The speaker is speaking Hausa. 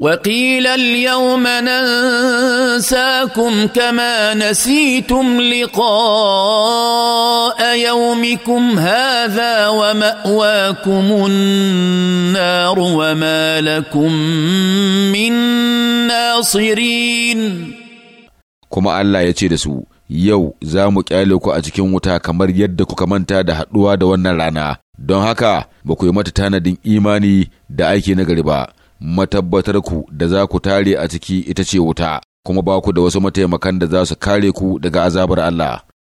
وقيل اليوم ننساكم كما نسيتم لقاء يومكم هذا وماواكم النار وما لكم من ناصرين kuma Allah ya ce da su yau za mu kyale ku a cikin wuta kamar yadda kuka manta da haɗuwa da wannan rana don haka ba ku yi mata tanadin imani da aiki na gari ba Matabbatar ku da za ku tare a ciki ita ce wuta, kuma ba ku da wasu mataimakan da za su kare ku daga azabar Allah.